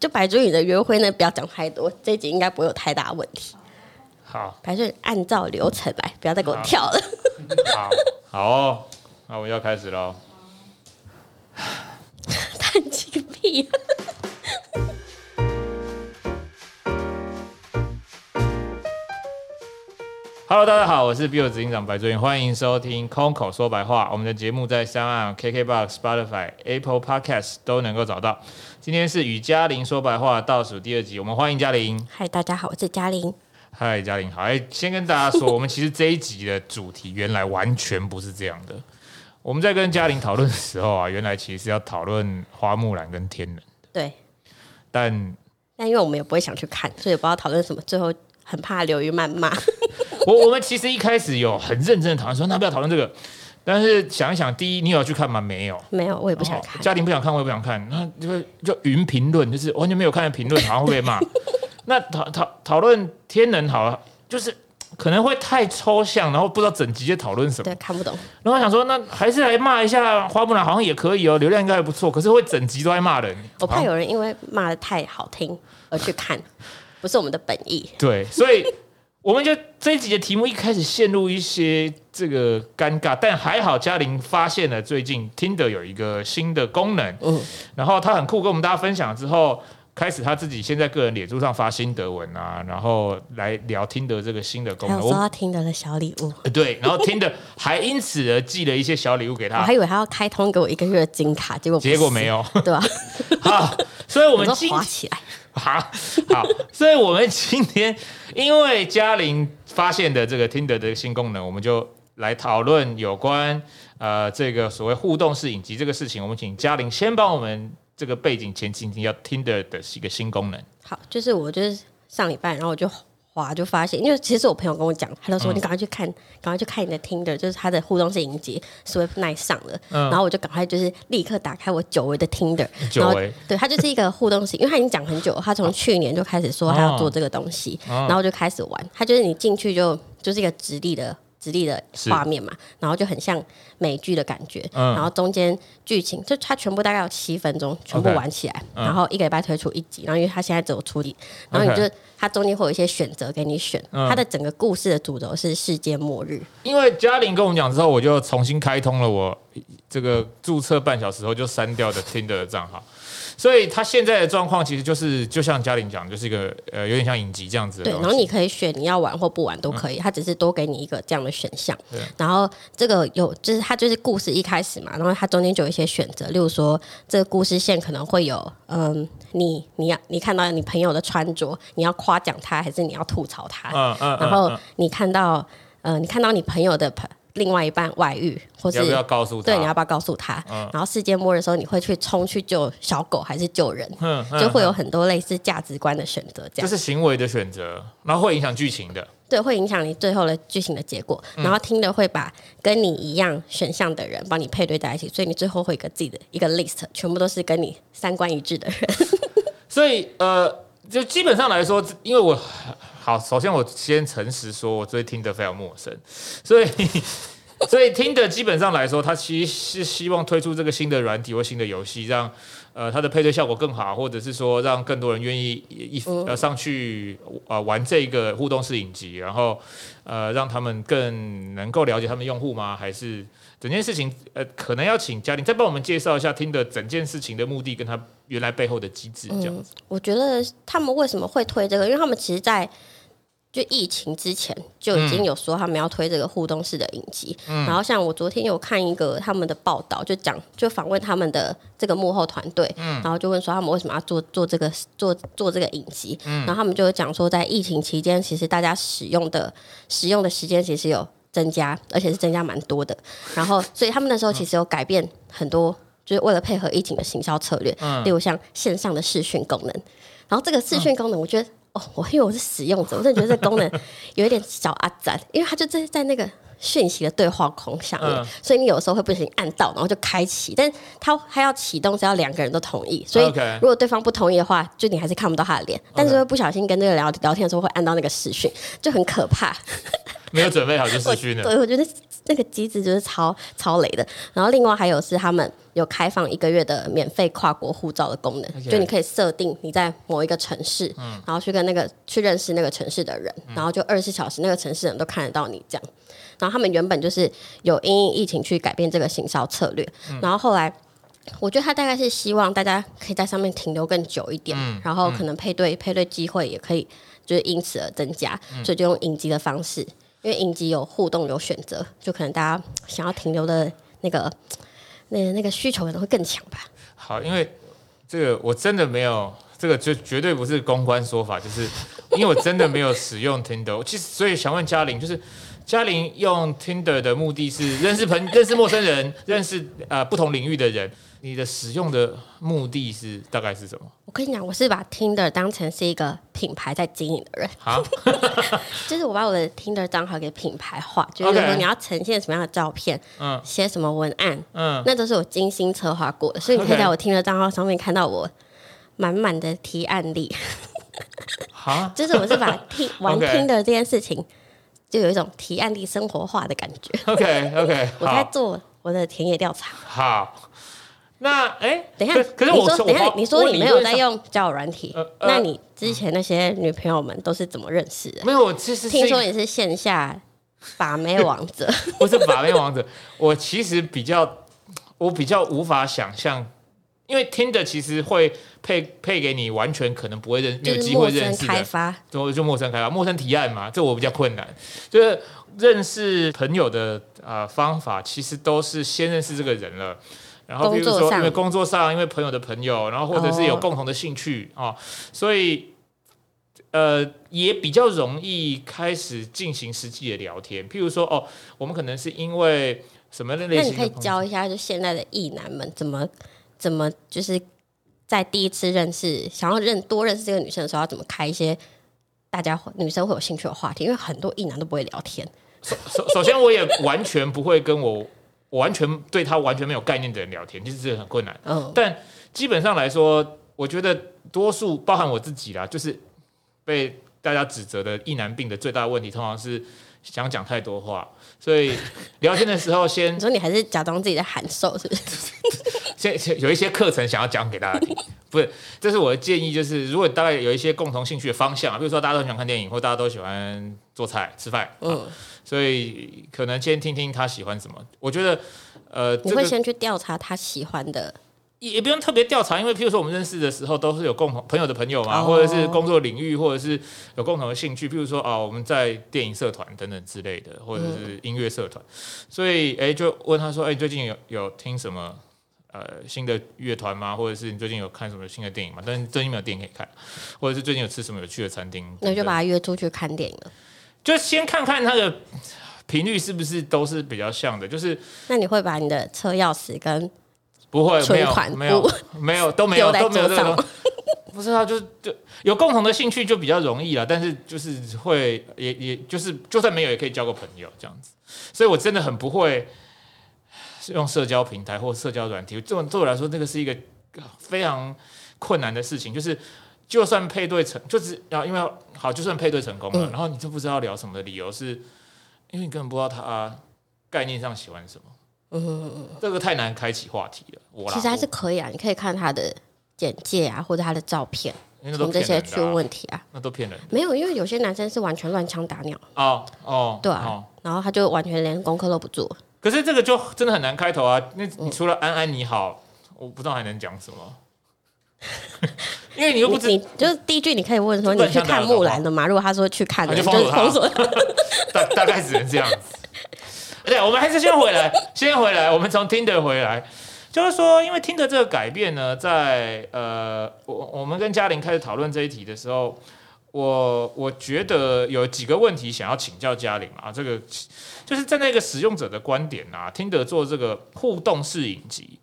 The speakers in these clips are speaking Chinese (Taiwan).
就白竹宇的約會呢，不要講太多，這一集應該不會有太大問題。好，白順按照流程來，不要再給我跳了。好， 好，好、哦，那我們要開始嘍。嘆氣個屁 ！Hello，大家好，我是 Bill 執行長白竹宇，歡迎收聽《空口說白話》。我們的節目在 SoundOn KKBox、KKBox, Spotify、Apple Podcast 都能夠找到。今天是與嘉玲說白話倒數第二集，我們歡迎嘉玲。嗨，大家好，我是嘉玲。嗨，嘉玲好，哎，先跟大家說， 我們其實這一集的主題原來完全不是這樣的。我們在跟嘉玲討論的時候啊，原來其實是要討論花木蘭跟天人。對，但但因為我們也不會想去看，所以也不知道討論什麼，最後很怕流於謾罵。 我我們其實一開始有很認真的討論，說那不要討論這個。但是想一想，第一，你有去看嗎？沒有，沒有，我也不想看。嘉玲不想看，我也不想看。那就是就雲評論，就是完全沒有看的評論，好像會被罵。 那討討討論天人，好了，就是可能會太抽象，然後不知道整集在討論什麼，對，看不懂。然後想說，那還是來罵一下花木蘭，好像也可以哦、喔，流量應該還不錯。可是會整集都在罵人，我怕有人因為罵得太好聽而去看， 不是我們的本意。對，所以。 我們就這一集的題目一開始陷入一些這個尷尬，但還好嘉玲發現了最近 Tinder 有一個新的功能，嗯，然後他很酷，跟我們大家分享之後，開始他自己先在個人臉書上發心得文啊，然後來聊 Tinder 這個新的功能。我收到 Tinder 的小禮物，對，然後 Tinder 還因此而寄了一些小禮物給他。 我還以為他要開通給我一個月的金卡，結果結果沒有， 對吧、啊？好，所以我們滑起來 好，所以，我們今天因為嘉玲發現的這個 Tinder 的新功能，我們就來討論有關呃這個所謂互動式影集這個事情。我們請嘉玲先幫我們這個背景，前幾天，要 Tinder 的一個新功能。好，就是我就是上禮拜，然後我就。哇！就發現，因為其實我朋友跟我講，他就說、嗯、你趕快去看，趕快去看你的 Tinder，就是他的互動式影集 Swipe Night 上了。嗯、然後我就趕快就是立刻打開我久違的 Tinder，違然後、對他就是一個互動性 因為他已經講很久，他從去年就開始說他要做這個東西，哦、然後就開始玩。他就是你進去就就是一個直立的。直立的畫面嘛，是然後就很像美劇的感覺，嗯、然後中間劇情就它，全部大概有七分鐘，全部 okay, 玩起來，嗯、然後一個禮拜推出一集，然後因為它現在走出立，然後你就 okay, 它中間會有一些選擇給你選，嗯、它的整個故事的主軸是世界末日。因為嘉玲跟我們講之後，我就重新開通了我這個注冊半小時後就刪掉的 Tinder 的賬號。 所以他現在的狀況其實就是，就像嘉玲講，就是一個呃，有點像影集這樣子。對，然後你可以選你要玩或不玩都可以，嗯、他只是多給你一個這樣的選項。嗯、然後這個有就是它就是故事一開始嘛，然後它中間就有一些選擇，例如說這個故事線可能會有，嗯、呃，你你要你看到你朋友的穿着，你要誇獎他還是你要吐槽他？嗯嗯、然後你看到呃、嗯，你看到你朋友的朋友。另外一半外遇，或者是要告訴對，你要不要告訴他？然後世界末日的時候，你會去衝去救小狗還是救人？嗯嗯嗯、就會有很多類似價值觀的選擇，這是行為的選擇，然後會影響劇情的。對，會影響你最後的劇情的結果。然後聽的會把跟你一樣選項的人幫你配對在一起，所以你最後會一個自己的一個 list，全部都是跟你三觀一致的人。 所以呃。就基本上來說，因為我好，首先我先誠實說，我最聽得非常陌生，所以所以 Tinder 基本上來說，他其實是希望推出這個新的軟體或新的遊戲，讓呃它的配對效果更好，或者是說讓更多人願意一呃上去啊、呃、玩這個互動式影集，然後呃讓他們更能夠了解他們用戶嗎？還是？整件事情，呃，可能要請嘉玲再幫我們介紹一下 Tinder 的整件事情的目的，跟他原來背後的機制這樣子、嗯。我覺得他們為什麼會推這個，因為他們其實在，在就疫情之前就已經有說他們要推這個互動式的影集。嗯、然後像我昨天有看一個他們的報道，就講就訪問他們的這個幕後團隊，嗯、然後就問說他們為什麼要做做這個做做這個影集，嗯、然後他們就講說在疫情期間，其實大家使用的使用的時間其實有。增加，而且是增加蠻多的。然後，所以他們那時候其實有改變很多，嗯、就是為了配合疫情的行銷策略。嗯、例如像線上的視訊功能，然後這個視訊功能，我覺得、啊、哦，我因為我是使用者，我真的覺得這個功能有一點小阿宅， 因為他就在在那個。訊息的對話空想，嗯、所以你有時候會不小心按到，然後就開啟，但他他還要啟動，只要兩個人都同意，所以如果對方不同意的話，就你還是看不到他的臉，Okay. 但是會不小心跟那個聊聊天的時候會按到那個視訊，就很可怕， 沒有準備好就視訊了，對，我覺得。那個機制，就是超超雷的，然後另外還有是他們有開放一個月的免費跨國護照的功能，Okay. 就你可以設定你在某一個城市，嗯、然後去跟那個去認識那個城市的人，嗯、然後就二十四小時那個城市人都看得到你這樣。然後他們原本就是有因應疫情去改變這個行銷策略，嗯、然後後來我覺得他大概是希望大家可以在上面停留更久一點，嗯、然後可能配對配對機會也可以就是因此而增加，嗯、所以就用影集的方式。因為影集有互動有選擇，就可能大家想要停留的那個那那個需求可能會更強吧。好，因為這個我真的沒有，這個就絕對不是公關說法，就是因為我真的沒有使用 Tinder。其實 所以想問嘉玲，就是嘉玲用 Tinder 的目的是認識朋、認識陌生人、認識呃不同領域的人。你的使用的目的是大概是什麼？我跟你講，我是把 Tinder 當成是一個品牌在經營的人好。哈 就是我把我的 Tinder 賬號給品牌化，就是如果你要呈現什麼樣的照片，嗯，寫什麼文案，嗯，那都是我精心策劃過的，所以你可以在我 Tinder 賬號上面看到我滿滿的提案力。好， 就是我是把 T- 玩 Tinder 這件事情，Okay. 就有一種提案力生活化的感覺。OK OK，我在做我的田野調查。好。那哎，等一下，可是我說等下，你說你沒有在用交友軟體，呃、那你之前那些女朋友們都是怎麼認識的？沒有、呃，其、呃、實聽說你是線下把妹王者、嗯，不是把妹王者。 我其實比較，我比較無法想象，因為 Tinder 其實會配配給你，完全可能不會認，沒有機會認識開發。就陌生開發？陌生提案嘛，這我比較困難。就是認識朋友的、呃、方法，其實都是先認識這個人了。然後，比如說，因為工作上，工作上因為朋友的朋友，然後或者是有共同的興趣啊、哦哦，所以，呃，也比較容易開始進行實際的聊天。譬如說，哦，我們可能是因為什麼類型的，那你可以教一下，就現在的藝男們怎麼怎麼，怎麼就是在第一次認識，想要認多認識這個女生的時候，要怎麼開一些大家女生會有興趣的話題？因為很多藝男都不會聊天。首首首先，我也完全不會跟我。 我完全對他完全沒有概念的人聊天，其、就、實是很困難。嗯、哦，但基本上來說，我覺得多數包含我自己啦，就是被大家指責的異男病的最大的問題，通常是想講太多話，所以聊天的時候先 你說你還是假裝自己在喊瘦是，不是？不 先，先有一些課程想要講給大家聽，不是？這是我的建議，就是如果大概有一些共同興趣的方向啊，比如說大家都喜歡看電影，或大家都喜歡做菜吃飯，嗯、哦。所以可能先聽聽他喜歡什麼，我覺得，呃，我會先去調查他喜歡的，也不用特別調查，因為譬如說我們認識的時候都是有共同朋友的朋友嘛，或者是工作領域，或者是有共同的興趣，譬如說啊，我們在電影社團等等之類的，或者是音樂社團，所以哎、欸，就問他說，哎，你最近有有聽什麼呃新的樂團嗎？或者是你最近有看什麼新的電影嗎？但是最近沒有電影可以看，或者是最近有吃什麼有趣的餐廳？那就把他約出去看電影了。就先看看它的頻率是不是都是比較像的，就是。那你會把你的車鑰匙跟款？不會，沒有，沒有，沒有，都沒有，都沒有這種。不知道、啊，就是就有共同的興趣就比較容易了，但是就是會也也就是就算沒有也可以交個朋友這樣子，所以我真的很不會用社交平台或社交軟體。對，對我來說那、這個是一個非常困難的事情，就是。就算配對成，就是要、啊、因為好，就算配對成功了，嗯、然後你就不知道聊什麼的理由是，因為你根本不知道他概念上喜歡什麼。嗯嗯嗯，嗯嗯這個太難開啟話題了。我其實還是可以啊，你可以看他的簡介啊，或者他的照片，從、啊、這些去問問題啊。那都騙人，沒有，因為有些男生是完全亂槍打鳥哦哦，哦對啊，哦、然後他就完全連功課都不做。可是這個就真的很難開頭啊。那你除了安安你好，嗯、我不知道還能講什麼。 因為你又不知，你你就是第一句你可以問說，你去看木蘭的嘛？如果他說去看的，就封鎖。是封 大大概只能這樣子。對，我們還是先回來， 先回來。我們從 Tinder 回來，就是說，因為 Tinder 這個改變呢，在呃，我我們跟嘉玲開始討論這一題的時候，我我覺得有幾個問題想要請教嘉玲啊。這個就是站在一個使用者的觀點啊，Tinder 做這個互動式影集。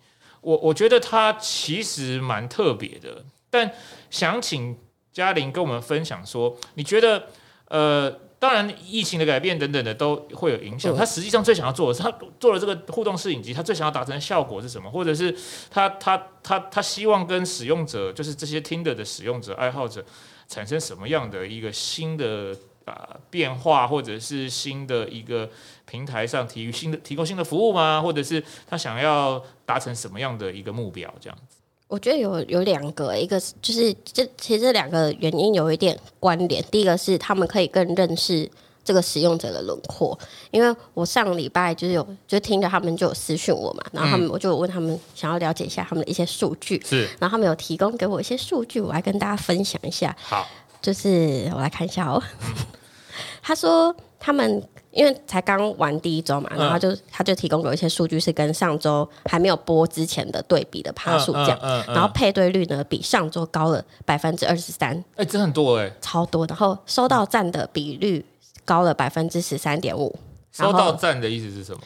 我我覺得他其實蠻特別的，但想請嘉玲跟我們分享說，你覺得呃，當然疫情的改變等等的都會有影響。他實際上最想要做的是，他做了這個互動式影集，他最想要達成的效果是什麼？或者是他他他他希望跟使用者，就是這些 Tinder 的使用者、愛好者，產生什麼樣的一個新的啊、呃、變化，或者是新的一個？平台上提新的提供新的服務嗎？或者是他想要達成什麼樣的一個目標？這樣子，我覺得有有兩個，一個是就是這其實兩個原因有一點關聯。第一個是他們可以更認識這個使用者的輪廓，因為我上個禮拜就是有就聽着他們就有私訊我嘛，然後他們我就問他們想要了解一下他們的一些數據，是，然後他們有提供給我一些數據，我來跟大家分享一下。好，就是我來看一下哦、喔。嗯、 他說。他們因為才剛玩第一周嘛，嗯、然後他就他就提供給有一些數據是跟上周還沒有播之前的對比的趴數這樣、嗯嗯嗯、然後配對率呢比上周高了百分之二十三，哎、欸，這很多哎、欸，超多。然後收到讚的比率高了百分之十三點五，收到讚的意思是什麼？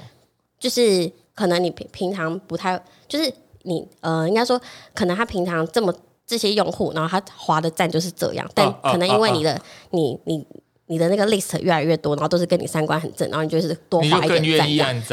就是可能你平平常不太，就是你呃，應該說可能他平常這麼這些用戶，然後他滑的讚就是這樣，哦、但可能因為你的你、哦哦、你。你你的那個 list 越來越多，然後都是跟你三觀很正，然後你就是多發點讚這樣，你更願意按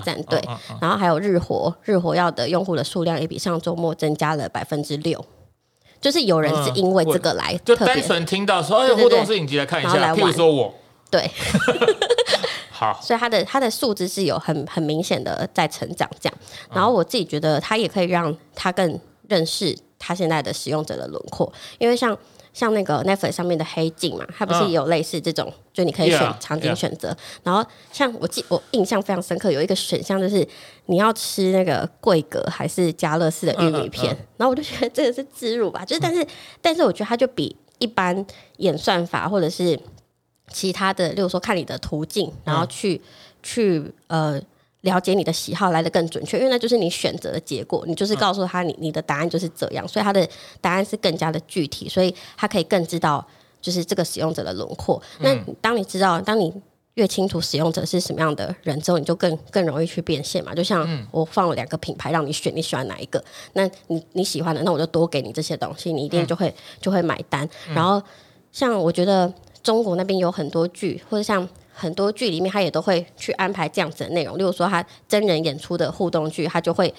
讚。對，啊啊啊、然後還有日活，日活要的用戶的數量也比上周末增加了百分之六，嗯、就是有人是因為這個來，就單純聽到說哎互動影集來看一下，來譬如說我，對， 好， 所以他的他的素質是有很很明顯的在成長，這樣，然後我自己覺得他也可以讓他更認識他現在的使用者的輪廓，因為像。像那個 Netflix 上面的黑鏡嘛，它不是也有類似這種，uh, 就你可以選 yeah, 場景選擇。Yeah. 然後像我記，我印象非常深刻，有一個選項就是你要吃那個桂格還是家樂氏的玉米片。Uh, uh, uh. 然後我就覺得這個是植入吧，就是但是、嗯、但是我覺得它就比一般演算法或者是其他的，例如說看你的途徑，然後去、uh. 去呃。了解你的喜好來的更準確，因為那就是你選擇的結果，你就是告訴他你、嗯、你的答案就是這樣，所以他的答案是更加的具體，所以他可以更知道就是這個使用者的輪廓。嗯、那當你知道，當你越清楚使用者是什麼樣的人之後，你就更更容易去變現嘛。就像我放了兩個品牌讓你選，你喜歡哪一個？那你你喜歡的，那我就多給你這些東西，你一定就會、嗯、就會買單。嗯、然後像我覺得中國那邊有很多劇，或者像。很多劇裡面，他也都會去安排這樣子的內容。例如說，他真人演出的互動劇，他就會，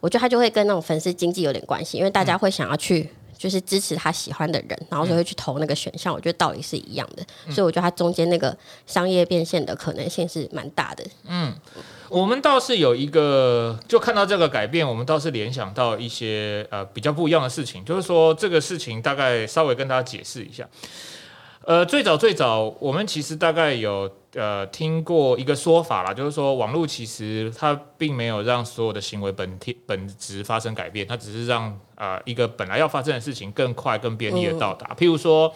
我覺得他就會跟那種粉絲經濟有點關係，因為大家會想要去，就是支持他喜歡的人，嗯、然後就會去投那個選項。我覺得道理是一樣的，嗯、所以我覺得他中間那個商業變現的可能性是蠻大的。嗯，我們倒是有一個，就看到這個改變，我們倒是聯想到一些呃比較不一樣的事情，就是說這個事情大概稍微跟大家解釋一下。呃，最早最早，我們其實大概有。呃，聽過一個說法啦，就是說網絡其實它並沒有讓所有的行為本體本質發生改變，它只是讓呃一個本來要發生的事情更快、更便利的到達。嗯、譬如說，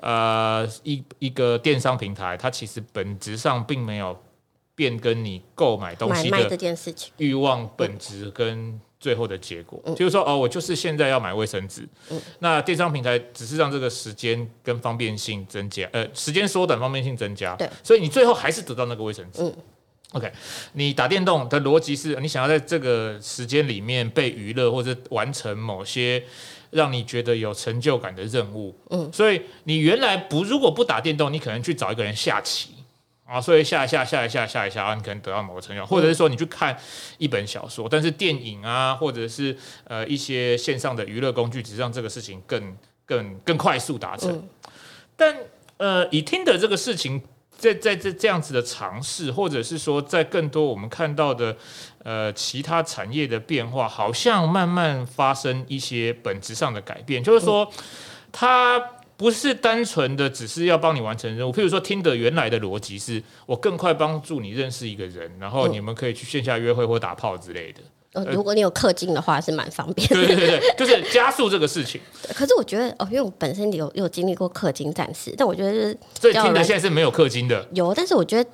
呃，一一個電商平台，它其實本質上並沒有變，跟你購買東西的這件事情慾望本質跟。最後的結果就是說，哦，我就是現在要買衛生紙。嗯，那電商平台只是讓這個時間跟方便性增加，呃，時間縮短，方便性增加。對，所以你最後還是得到那個衛生紙。嗯，OK，你打電動的邏輯是你想要在這個時間裡面被娛樂，或者完成某些讓你覺得有成就感的任務。嗯，所以你原來不，如果不打電動，你可能去找一個人下棋。啊，所以下一下下一下下一下，啊，你可能得到某個成效，或者是說你去看一本小說，但是電影啊，或者是呃一些線上的娛樂工具，只是讓這個事情更更更快速達成。嗯、但呃，以聽的這個事情，在在這這樣子的嘗試，或者是說在更多我們看到的呃其他產業的變化，好像慢慢發生一些本質上的改變，就是說、嗯、它。不是單純的只是要幫你完成任務，譬如說 Tinder 原來的邏輯是我更快幫助你認識一個人，然後你們可以去線下約會或打炮之類的。呃、哦，如果你有氪金的話是蠻方便的、呃。對對對，就是加速這個事情。 可是我覺得哦，因為我本身有有經歷過氪金戰士，但我覺得是。所以 Tinder 現在是沒有氪金的？有，但是我覺得。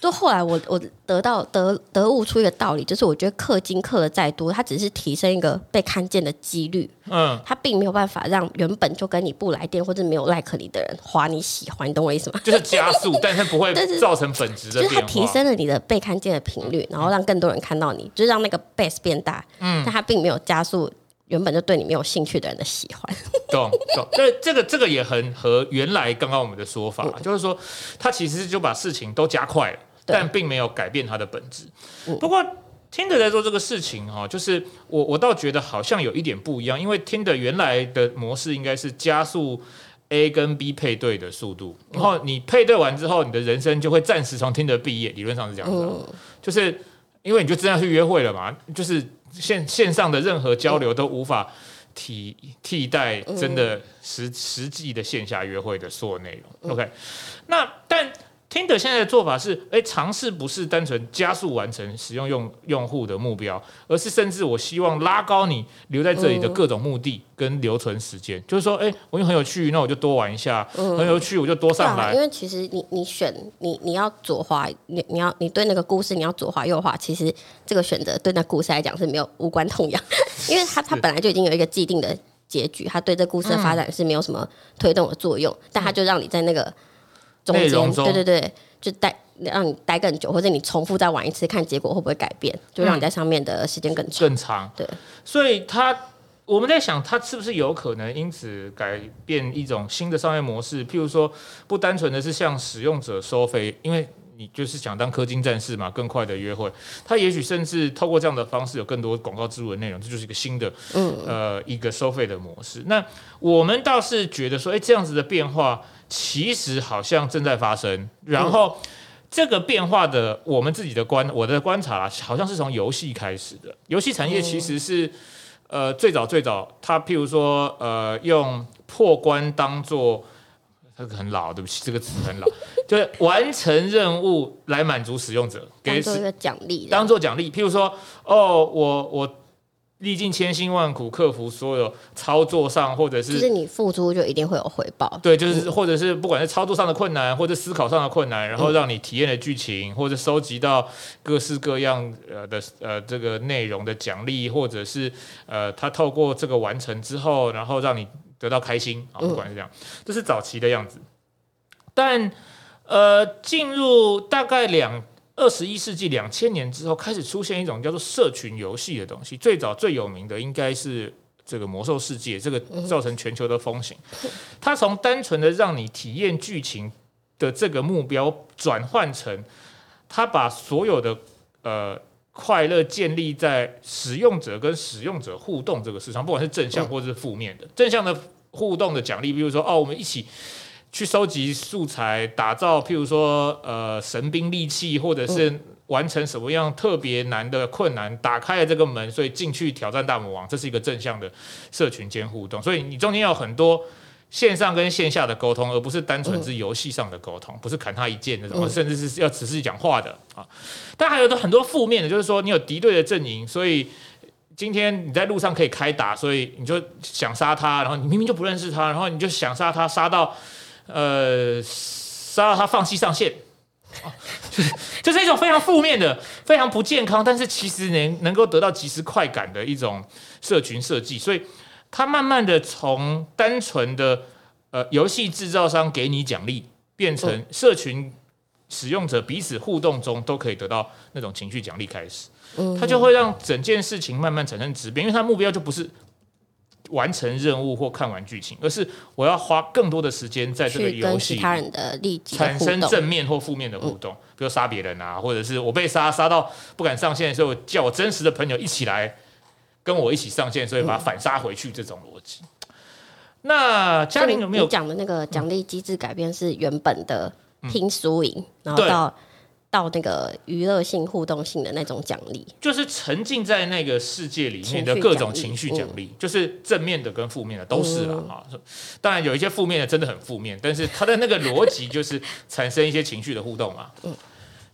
就後來我我得到得得悟出一個道理，就是我覺得氪金氪的再多，它只是提升一個被看見的幾率，嗯，它並沒有辦法讓原本就跟你不來電或者沒有 like 你的人劃你喜歡，你懂我意思嗎？就是加速，但是不會造成本質的、就是，就是它提升了你的被看見的頻率，嗯、然後讓更多人看到你，就是、讓那個 base 變大，嗯，但它並沒有加速原本就對你沒有興趣的人的喜歡，懂懂、嗯？那、嗯嗯、這個這個也很合原來剛剛我們的說法，嗯、就是說它其實就把事情都加快了。對但並沒有改變它的本質。嗯、不過，Tinder 在做這個事情哈、哦，就是我我倒覺得好像有一點不一樣，因為 Tinder 原來的模式應該是加速 A 跟 B 配對的速度，然後你配對完之後，你的人生就會暫時從 Tinder 畢業，理論上是這樣子、啊。嗯、就是因為你就真正去約會了嘛，就是線線上的任何交流都無法替替代真的實實際的線下約會的所有內容。OK，那但。Tinder 現在的做法是，誒、欸，嘗試不是單純加速完成使用用用戶的目標，而是甚至我希望拉高你留在這裡的各種目的跟留存、嗯、時間。就是說，誒、欸，我因很有趣，那我就多玩一下。嗯、很有趣，我就多上來。啊、因為其實你你選你你要左滑，你你要你對那個故事你要左滑右滑，其實這個選擇對那故事來講是沒有無關痛癢，是因為他它，它本來就已經有一個既定的結局，他對這故事的發展是沒有什麼推動的作用，嗯、但他就讓你在那個。中間對對對，就待讓你待更久，或者你重複再玩一次，看結果會不會改變，就讓你在上面的時間更長。嗯、更長。對，所以他我們在想，他是不是有可能因此改變一種新的商業模式？譬如說，不單純的是向使用者收費，因為。你就是想當氪金戰士嘛，更快的約會，他也許甚至透過這樣的方式有更多廣告植入的內容，這就是一個新的，嗯，呃，一個收費的模式。那我們倒是覺得說，誒、欸，這樣子的變化其實好像正在發生。然後、嗯、這個變化的，我們自己的觀，我的觀察、啊、好像是從遊戲開始的。遊戲產業其實是，嗯、呃，最早最早，他譬如說，呃，用破關當做。這個很老，對不起，這個詞很老， 就是完成任務來滿足使用者，給一個獎勵，當做獎勵。譬如說，哦，我我歷盡千辛萬苦，克服所有操作上或者是，就是你付出就一定會有回報。對，就是、嗯、或者是不管是操作上的困難或者思考上的困難，然後讓你體驗的劇情或者收集到各式各樣的呃的呃這個內容的獎勵，或者是呃，他透過這個完成之後，然後讓你。得到開心啊，不管是這樣，這是早期的樣子。但呃，進入大概兩二十一世紀兩千年之後，開始出現一種叫做社群遊戲的東西。最早最有名的應該是這個《魔獸世界》，這個造成全球的風行。它從單純的讓你體驗劇情的這個目標，轉換成它把所有的呃。快樂建立在使用者跟使用者互動這個事上，不管是正向或是負面的。正向的互動的獎勵，比如說哦，我們一起去收集素材，打造譬如說呃神兵利器，或者是完成什麼樣特別難的困難，嗯、打開了這個門，所以進去挑戰大魔王，這是一個正向的社群間互動。所以你中間要很多。線上跟線下的溝通，而不是單純是遊戲上的溝通，嗯、不是砍他一劍那種，甚至是要只是講話的、嗯、啊。但還有的很多負面的，就是說你有敵對的陣營，所以今天你在路上可以開打，所以你就想殺他，然後你明明就不認識他，然後你就想殺他，殺到呃殺到他放棄上線、啊，就是這、就是一種非常負面的、非常不健康，但是其實能能夠得到即時快感的一種社群設計，所以。他慢慢的從單純的呃遊戲製造商給你獎勵，變成社群使用者彼此互動中都可以得到那種情緒獎勵開始，嗯、哼他就會讓整件事情慢慢產生質變，因為他目標就不是完成任務或看完劇情，而是我要花更多的時間在這個遊戲，產生正面或負面的互動，互動嗯、比如殺別人啊，或者是我被殺，殺到不敢上線的時候，叫我真實的朋友一起來。跟我一起上線，所以把它反殺回去，這種邏輯。嗯、那嘉玲有沒有講的那個獎勵機制改變是原本的聽、輸贏、嗯，然後到對到那個娛樂性互動性的那種獎勵，就是沉浸在那個世界裡面的各種情緒獎勵，嗯、就是正面的跟負面的都是了啊。嗯、當然有一些負面的真的很負面，但是它的那個邏輯就是產生一些情緒的互動啊。嗯。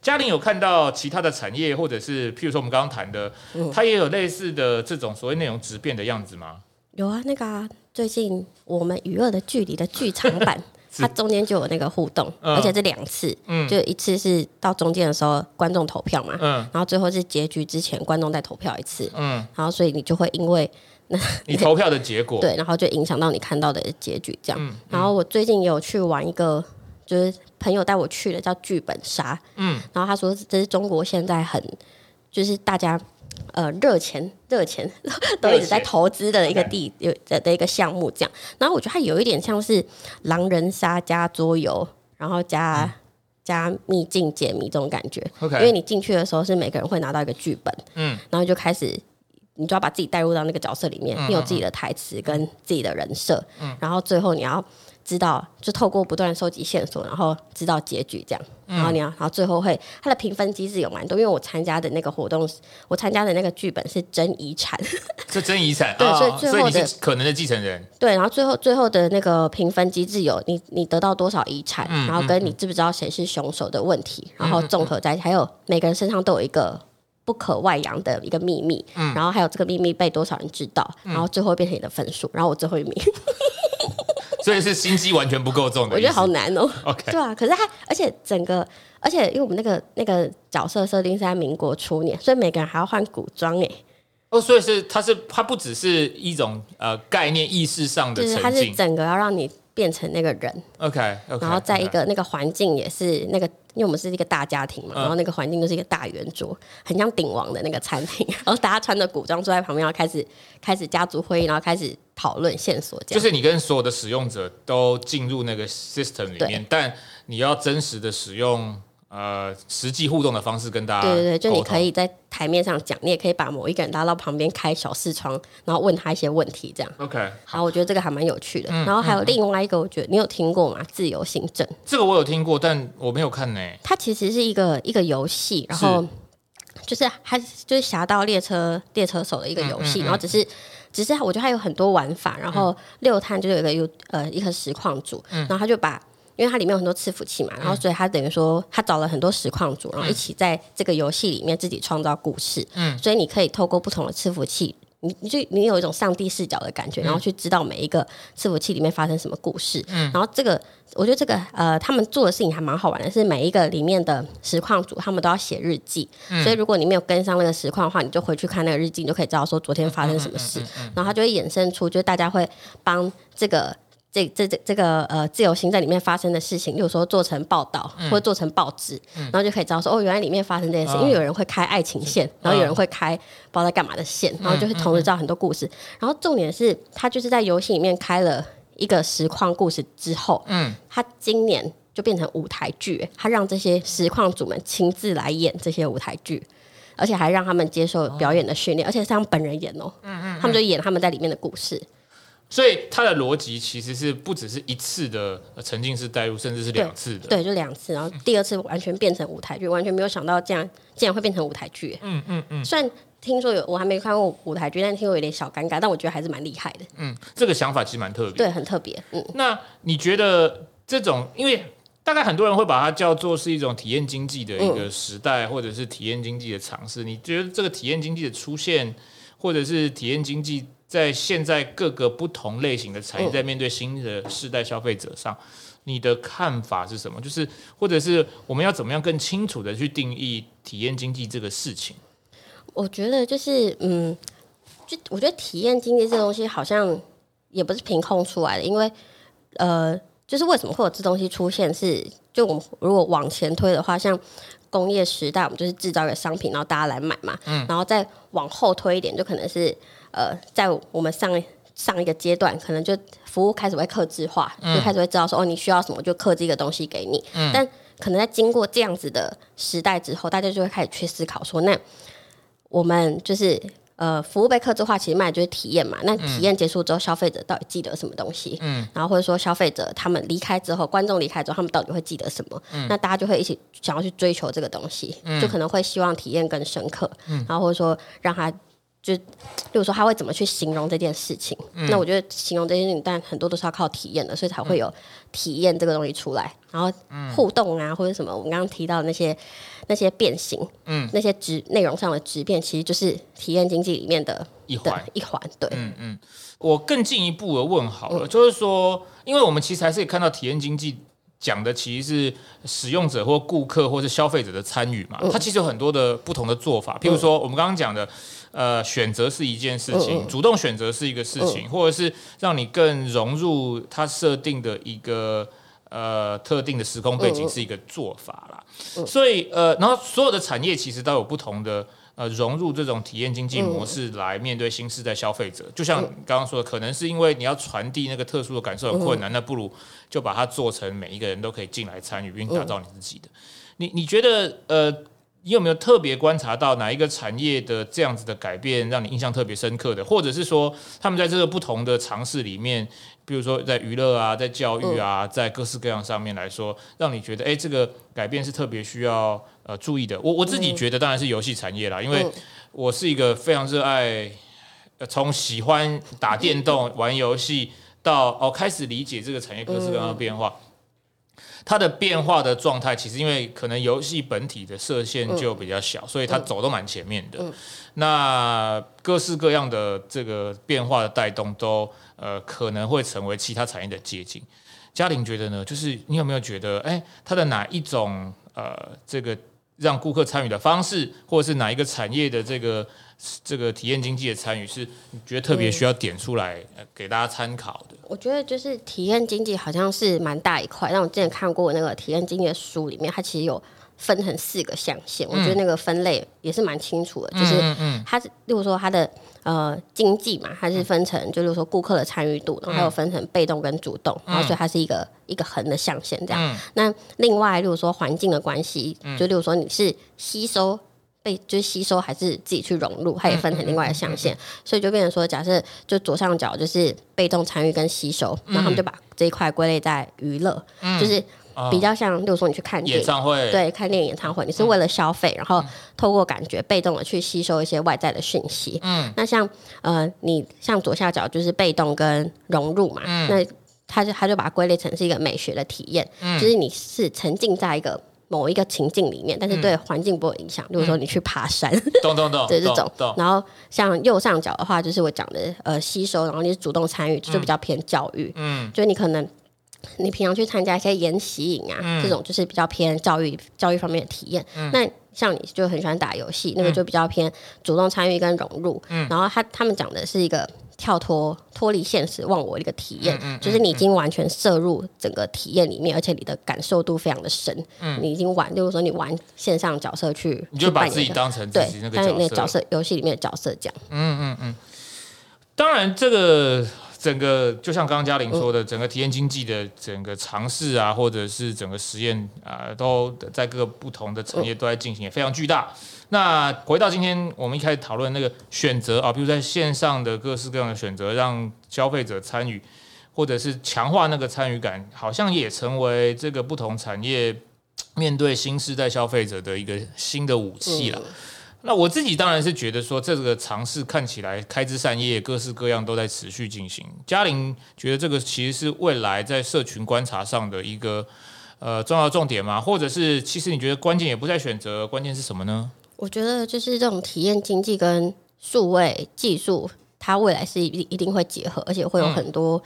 嘉玲有看到其他的產業，或者是譬如說我們剛剛談的，它也有類似的這種所謂內容質變的樣子嗎？有啊，那個、啊、最近我們《與惡的距離》的劇場版， 是它中間就有那個互動，嗯、而且是兩次，就一次是到中間的時候觀眾投票嘛，嗯、然後最後是結局之前觀眾再投票一次，嗯、然後所以你就會因為那你投票的結果 對，然後就影響到你看到的結局這樣。嗯嗯、然後我最近有去玩一個。就是朋友帶我去的，叫劇本殺。嗯，然後他說這是中國現在很就是大家呃熱錢熱錢，錢都一直在投資的一個地有 Okay. 的一個項目這樣。然後我覺得它有一點像是狼人殺加桌遊，然後加、嗯、加秘境解謎這種感覺。OK，因為你進去的時候是每個人會拿到一個劇本，嗯，然後就開始你就要把自己帶入到那個角色裡面，嗯、哼哼，你有自己的台詞跟自己的人設，嗯哼哼，然後最後你要。知道就透過不斷收集線索，然後知道結局這樣。然後你要，然後最後會，它的評分機制有蠻多，因為我參加的那個活動，我參加的那個劇本是爭遺產，是爭遺產。 對，哦、所以最後的所以你是可能的繼承人。對，然後最後最後的那個評分機制有你你得到多少遺產，嗯、然後跟你知不知道誰是凶手的問題，嗯、然後綜合在，嗯、還有每個人身上都有一個不可外揚的一個秘密，嗯、然後還有這個秘密被多少人知道，嗯、然後最後變成你的分數，然後我最後一名。 所以是心機完全不夠重的。 我覺得好難哦。Okay. 對啊，可是他，而且整個，而且因為我們那個那個角色設定是在民國初年，所以每個人還要換古裝誒、欸。哦，所以是他是他不只是一種呃概念意識上的沉浸，他是，是整個要讓你。變成那個人，OK，, okay 然後在一個那個環境也是那個，因為我們是一個大家庭嘛，然後那個環境就是一個大圓桌，很像鼎王的那個餐廳，然後大家穿着古裝坐在旁邊，然後開始開始家族會議，然後開始討論線索。就是你跟所有的使用者都進入那個 system 裡面，但你要真實的使用。呃，實際互動的方式跟大家對對對，就你可以在台面上講，通你也可以把某一個人拉到旁邊開小視窗，然後問他一些問題，這樣 OK。好，好我覺得這個還蠻有趣的。嗯、然後還有另外一個，我覺得、嗯嗯、你有聽過嗎？自由新鎮，這個我有聽過，但我沒有看呢。它其實是一個一個遊戲，然後就是它就是俠盜獵車獵車手的一個遊戲，嗯、然後只是、嗯嗯、只是我覺得它有很多玩法。然後魯蛋就是有一個有呃一個實況組，然後他就把。因為它裡面有很多伺服器嘛，嗯、然後所以他等於說，他找了很多實況組，然後一起在這個遊戲裡面自己創造故事。嗯、所以你可以透過不同的伺服器，你你就你有一種上帝視角的感覺，嗯、然後去知道每一個伺服器裡面發生什麼故事。嗯、然後這個我覺得這個呃，他們做的事情還蠻好玩的，是每一個裡面的實況組他們都要寫日記。嗯、所以如果你沒有跟上那個實況的話，你就回去看那個日記，你就可以知道說昨天發生什麼事。然後它就會衍生出，就大家會幫這個。這這這這個呃自由新鎮在裡面發生的事情，有時候做成報道，嗯、或做成報紙，嗯、然後就可以知道說哦，原來裡面發生這件事。哦、因為有人會開愛情線，是然後有人會開不知道在幹嘛的線，嗯、然後就會同時知道很多故事。嗯嗯、然後重點是他就是在遊戲裡面開了一個實況故事之後，嗯，他今年就變成舞台劇，他讓這些實況主們親自來演這些舞台劇，而且還讓他們接受表演的訓練，哦、而且是他們本人演哦，嗯嗯，嗯嗯他們就演他們在裡面的故事。所以它的邏輯其實是不只是一次的沉浸式帶入，甚至是兩次的。對。對，就兩次，然後第二次完全變成舞台劇，完全沒有想到這樣，竟然竟然會變成舞台劇嗯。嗯嗯嗯。雖然聽說有，我還沒看過舞台劇，但聽說有點小尷尬，但我覺得還是蠻厲害的。嗯，這個想法其實蠻特別，對，很特別。嗯。那你覺得這種，因為大概很多人會把它叫做是一種體驗經濟的一個時代，嗯、或者是體驗經濟的嘗試？你覺得這個體驗經濟的出現，或者是體驗經濟？在現在各個不同類型的產業在面對新的世代消費者上，你的看法是什麼？就是或者是我們要怎麼樣更清楚的去定義體驗經濟這個事情？我覺得就是，嗯，就我覺得體驗經濟這東西好像也不是憑空出來的，因為呃，就是為什麼會有這東西出現是？是就我們如果往前推的話，像工業時代，我們就是製造的商品，然後大家來買嘛，嗯，然後再往後推一點，就可能是。呃，在我們上上一個階段，可能就服務開始會客製化，嗯、就開始會知道說哦，你需要什麼就客製一個東西給你。嗯、但可能在經過這樣子的時代之後，大家就會開始去思考說，那我們就是呃，服務被客製化，其實賣的就是體驗嘛。那體驗結束之後，嗯、消費者到底記得什麼東西？嗯。然後或者說，消費者他們離開之後，觀眾離開之後，他們到底會記得什麼？嗯、那大家就會一起想要去追求這個東西，嗯、就可能會希望體驗更深刻，嗯、然後或者說讓他。就比如說他會怎麼去形容這件事情，嗯、那我覺得形容這件事情，但很多都是要靠體驗的，所以才會有體驗這個東西出來。嗯、然後互動啊，或者什麼，我們剛剛提到那些那些變形，嗯，那些質內容上的質變，其實就是體驗經濟裡面的一環的一環。對，嗯嗯。我更進一步的問好了，嗯、就是說，因為我們其實還是可以看到，體驗經濟講的其實是使用者或顧客或是消費者的參與嘛。嗯、它其實有很多的不同的做法，嗯、譬如說我們剛剛講的。呃，選擇是一件事情，主動選擇是一個事情，或者是讓你更融入它設定的一個呃特定的時空背景是一個做法啦。所以呃，然後所有的產業其實都有不同的呃融入這種體驗經濟模式來面對新時代消費者。就像剛剛說的，可能是因為你要傳遞那個特殊的感受有困難，那不如就把它做成每一個人都可以進來參與，並打造你自己的。你你覺得呃？你有沒有特別觀察到哪一個產業的這樣子的改變，讓你印象特別深刻的？或者是說他們在這個不同的嘗試裡面，比如說在娛樂啊、在教育啊、在各式各樣上面來說，嗯、讓你覺得誒、欸，這個改變是特別需要呃注意的？我我自己覺得當然是遊戲產業啦，嗯、因為我是一個非常熱愛，呃、從、喜歡打電動、嗯、玩遊戲到哦開始理解這個產業各式各樣的變化。嗯它的變化的狀態，其實因為可能遊戲本體的射線就比較小，嗯、所以它走的蠻前面的。嗯嗯、那各式各樣的這個變化的帶動都，都呃可能會成為其他產業的接近。嘉玲覺得呢，就是你有沒有覺得，誒、欸，它的哪一種呃這個？讓顧客參與的方式，或者是哪一個產業的這個這個體驗經濟的參與，是覺得特別需要點出來對給大家參考的。我覺得就是體驗經濟好像是蠻大一塊，但我之前看過那個體驗經濟的書，裡面它其實有。分成四個象限，我覺得那個分類也是蠻清楚的，就是它是，例如說它的呃經濟嘛，它是分成就例如說顧客的參與度，然後還有分成被動跟主動，然後所以它是一個一個橫的象限這樣。那另外，例如說環境的關係，就例如說你是吸收被，就是吸收還是自己去融入，它也分成另外的象限，所以就變成說，假設就左上角就是被動參與跟吸收，然後他們就把這一塊歸類在娛樂，就是。哦、比較像，比如說你去看電影演唱會，對，看電影演唱會，你是為了消費，嗯、然後透過感覺被動的去吸收一些外在的訊息。嗯，那像呃，你像左下角就是被動跟融入嘛，嗯、那他就他就把它歸類成是一個美學的體驗，嗯、就是你是沉浸在一個某一個情境裡面，但是對環境不會有影響。例如是說你去爬山，懂懂懂，對這種，然後像右上角的話，就是我講的呃吸收，然後你是主動參與，就是、比較偏教育。嗯，就你可能。你平常去參加一些研習營啊，嗯、這種就是比較偏教育教育方面的體驗。嗯、那像你就很喜歡打遊戲，那個就比較偏主動參與跟融入。嗯。然後他他們講的是一個跳脫脫離現實忘我的一個體驗，嗯嗯嗯嗯、就是你已經完全攝入整個體驗裡面，嗯、而且你的感受度非常的深。嗯。你已經玩，比如說你玩線上角色去，你就把自己當成己，那個、對當那個角色遊戲裡面的角色這樣，嗯。嗯嗯嗯。當然，這個。整個就像剛剛嘉玲說的，整個體驗經濟的整個嘗試啊，或者是整個實驗啊，都在各個不同的產業都在進行，也非常巨大。那回到今天我們一開始討論那個選擇啊，比如在線上的各式各樣的選擇，讓消費者參與，或者是強化那個參與感，好像也成為這個不同產業面對新時代消費者的一個新的武器了。嗯那我自己當然是覺得說這個嘗試看起來開枝散葉，各式各樣都在持續進行。嘉玲覺得這個其實是未來在社群觀察上的一個呃重要重點嘛，或者是其實你覺得關鍵也不在選擇，關鍵是什麼呢？我覺得就是這種體驗經濟跟數位技術，它未來是一一定會結合，而且會有很多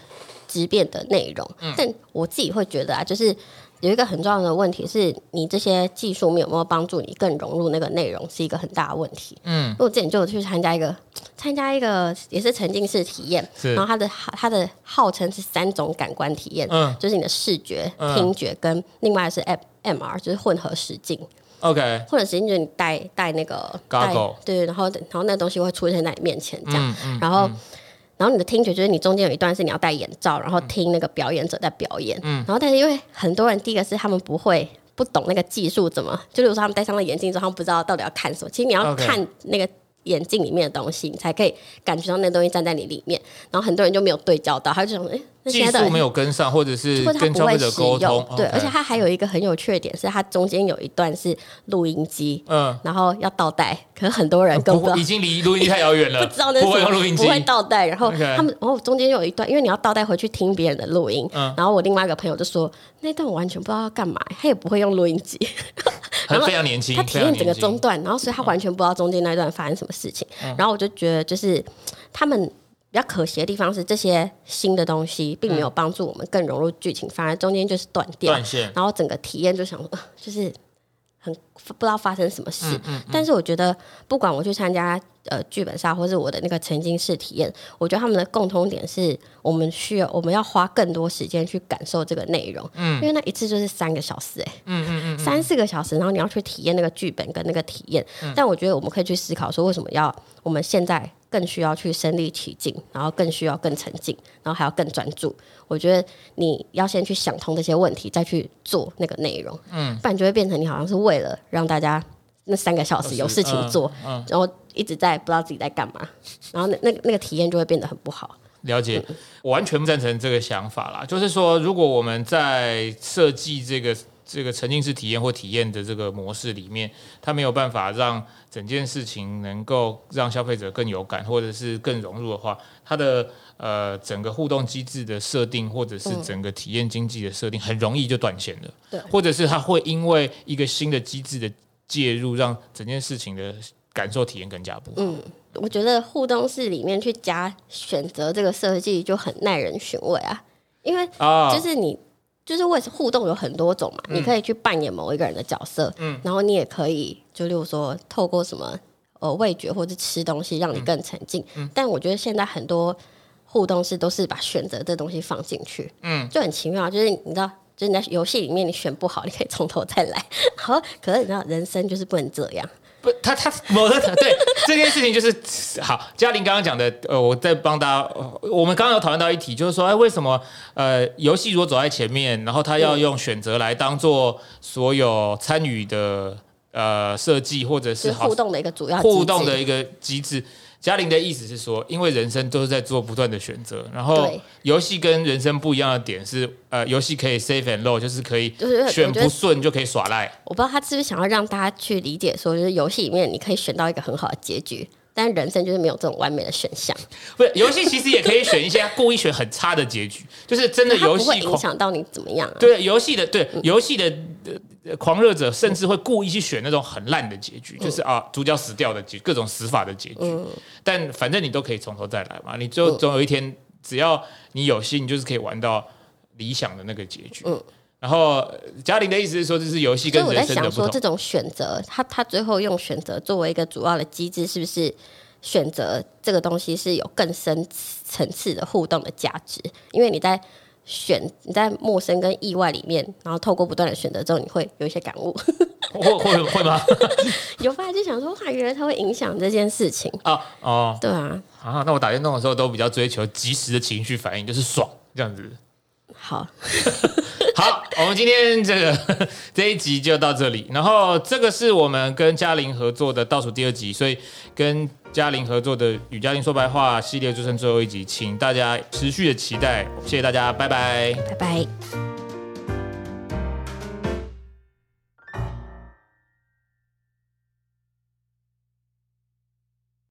質變的內容。嗯、但我自己會覺得啊，就是。有一個很重要的問題是你這些技術面有沒有幫助你更融入那個內容，是一個很大的問題。嗯，我自己就有去參加一個，參加一個也是沉浸式體驗，是然後它的它的號稱是三種感官體驗，嗯，就是你的視覺、嗯、聽覺跟另外是 App MR，就是混合實境。OK，混合實境就是你帶戴那個，Goggle 對，然後然後那東西會出現在你面前這樣，嗯嗯、然後。嗯然後你的聽覺就是你中間有一段是你要戴眼罩，然後聽那個表演者在表演。嗯，然後但是因為很多人第一個是他們不會不懂那個技術怎麼，就比如說他們戴上了眼鏡之後，他們不知道到底要看什麼。其實你要看那個眼鏡裡面的東西，Okay. 你才可以感覺到那東西站在你裡面。然後很多人就沒有對焦到，他就想，哎技術沒有跟上，或者是跟消費者溝通。對，而且它還有一個很有趣的點，是它中間有一段是錄音機，嗯，然後要倒帶，可能很多人跟不上。已經離錄音機太遙遠了，不知道那。不會用錄音機，不會倒帶。然後他們，然後中間有一段，因為你要倒帶回去聽別人的錄音。然後我另外一個朋友就說，那段我完全不知道要幹嘛，他也不會用錄音機。他非常年輕，他體驗整個中段，然後所以他完全不知道中間那段發生什麼事情。然後我就覺得，就是他們。比較可惜的地方是，這些新的東西並沒有幫助我們更融入劇情，反而中間就是斷電，線然後整個體驗就想說就是很不知道發生什麼事。嗯嗯嗯、但是我覺得，不管我去參加呃劇本殺，或是我的那個沉浸式體驗，我覺得他們的共通點是，我們需要我們要花更多時間去感受這個內容。嗯、因為那一次就是三個小時，欸，哎、嗯，嗯嗯嗯，三四個小時，然後你要去體驗那個劇本跟那個體驗。嗯、但我覺得我們可以去思考說，為什麼要我們現在？更需要去身臨其境，然後更需要更沉浸，然後還要更專注。我覺得你要先去想通這些問題，再去做那個內容。嗯，不然就會變成你好像是為了讓大家那三個小時有事情做，嗯嗯、然後一直在不知道自己在幹嘛，然後那那那個體驗就會變得很不好。了解，嗯、我完全不贊成這個想法啦。就是說，如果我們在設計這個。這個沉浸式體驗或體驗的這個模式裡面，它沒有辦法讓整件事情能夠讓消費者更有感，或者是更融入的話，它的呃整個互動機制的設定或者是整個體驗經濟的設定，嗯、很容易就斷線了。對，或者是它會因為一個新的機制的介入，讓整件事情的感受體驗更加不好。嗯，我覺得互動式裡面去加選擇這個設計就很耐人尋味啊，因為就是你、哦。就是為互動有很多種嘛，嗯、你可以去扮演某一個人的角色，嗯，然後你也可以，就例如說透過什麼呃味覺或者吃東西讓你更沉浸。嗯、但我覺得現在很多互動是都是把選擇這東西放進去，嗯，就很奇妙、啊。就是你知道，就是、你在遊戲裡面你選不好，你可以從頭再來，好，可是你知道人生就是不能這樣。不，他他的對 這件事情就是好。嘉玲剛剛講的，呃，我再幫大家，我們剛剛有討論到一題，就是說，哎，為什麼呃遊戲如果走在前面，然後他要用選擇來當做所有參與的呃設計或者是，好是互動的一個主要互動的一個機制。嘉玲的意思是說，因為人生都是在做不斷的選擇，然後對遊戲跟人生不一樣的點是，呃，遊戲可以 save and load，就是可以選不順就可以耍賴。我不知道他是不是想要讓大家去理解，說就是遊戲裡面你可以選到一個很好的結局。但人生就是沒有這種完美的選項。不，遊戲其實也可以選一些故意選很差的結局， 就是真的遊戲會影響到你怎麼樣、啊對遊戲？對，遊戲的對遊戲的狂熱者，甚至會故意去選那種很爛的結局，嗯、就是啊，主角死掉的結，各種死法的結局。嗯、但反正你都可以從頭再來嘛，你最後總有一天、嗯、只要你有心，你就是可以玩到理想的那個結局。嗯然後嘉玲的意思是說，就是遊戲跟人生，我在想說，這種選擇，他他最後用選擇作為一個主要的機制，是不是選擇這個東西是有更深層次的互動的價值？因為你在選，你在陌生跟意外裡面，然後透過不斷的選擇之後，你會有一些感悟，會會，會嗎？有發現就想說，哇、啊，原來它會影響這件事情哦哦，哦對啊，啊，那我打電動的時候都比較追求即時的情緒反應，就是爽這樣子。好。 好，我們今天這個這一集就到這裡。然後這個是我們跟嘉玲合作的倒數第二集，所以跟嘉玲合作的與嘉玲說白話系列就剩最後一集，請大家持續的期待。謝謝大家，拜拜，拜拜。